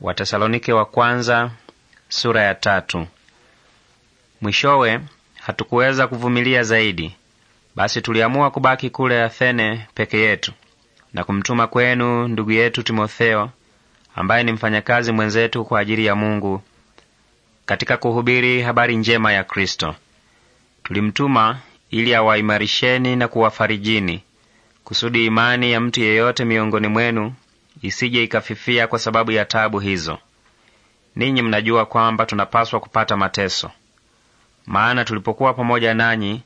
Watesalonike wa kwanza sura ya tatu. Mwishowe hatukuweza kuvumilia zaidi, basi tuliamua kubaki kule Athene peke yetu na kumtuma kwenu ndugu yetu Timotheo ambaye ni mfanyakazi mwenzetu kwa ajili ya Mungu katika kuhubiri habari njema ya Kristo. Tulimtuma ili awaimarisheni na kuwafarijini kusudi imani ya mtu yeyote miongoni mwenu isije ikafifia kwa sababu ya taabu hizo. Ninyi mnajua kwamba tunapaswa kupata mateso. Maana tulipokuwa pamoja nanyi,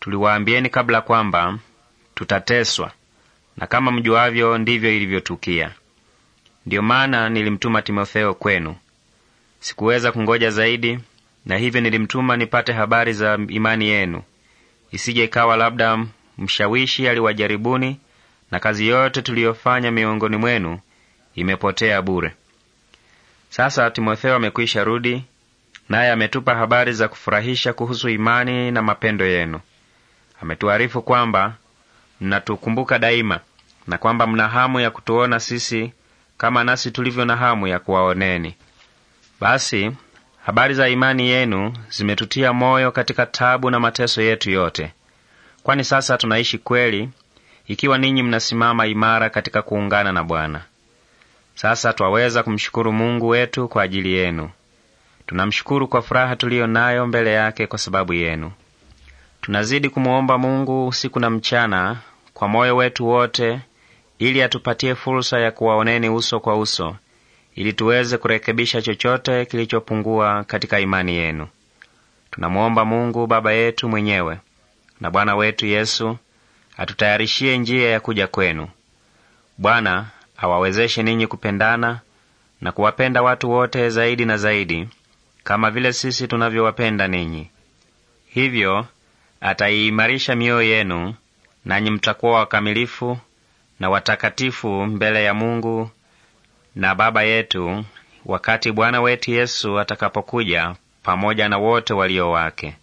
tuliwaambieni kabla kwamba tutateswa, na kama mjuavyo, ndivyo ilivyotukia. Ndiyo maana nilimtuma Timotheo kwenu. Sikuweza kungoja zaidi, na hivyo nilimtuma nipate habari za imani yenu, isije ikawa labda mshawishi aliwajaribuni na kazi yote tuliyofanya miongoni mwenu imepotea bure. Sasa Timotheo amekwisha rudi, naye ametupa habari za kufurahisha kuhusu imani na mapendo yenu. Ametuarifu kwamba mnatukumbuka daima na kwamba mna hamu ya kutuona sisi kama nasi tulivyo na hamu ya kuwaoneni. Basi habari za imani yenu zimetutia moyo katika tabu na mateso yetu yote, kwani sasa tunaishi kweli ikiwa ninyi mnasimama imara katika kuungana na Bwana. Sasa twaweza kumshukuru Mungu wetu kwa ajili yenu. Tunamshukuru kwa furaha tuliyo nayo mbele yake kwa sababu yenu. Tunazidi kumwomba Mungu usiku na mchana kwa moyo wetu wote, ili atupatie fursa ya kuwaoneni uso kwa uso, ili tuweze kurekebisha chochote kilichopungua katika imani yenu. Tunamwomba Mungu Baba yetu mwenyewe na Bwana wetu Yesu atutayarishie njia ya kuja kwenu. Bwana awawezeshe ninyi kupendana na kuwapenda watu wote zaidi na zaidi, kama vile sisi tunavyowapenda ninyi. Hivyo ataiimarisha mioyo yenu, nanyi mtakuwa wakamilifu na watakatifu mbele ya Mungu na Baba yetu, wakati Bwana wetu Yesu atakapokuja pamoja na wote walio wake.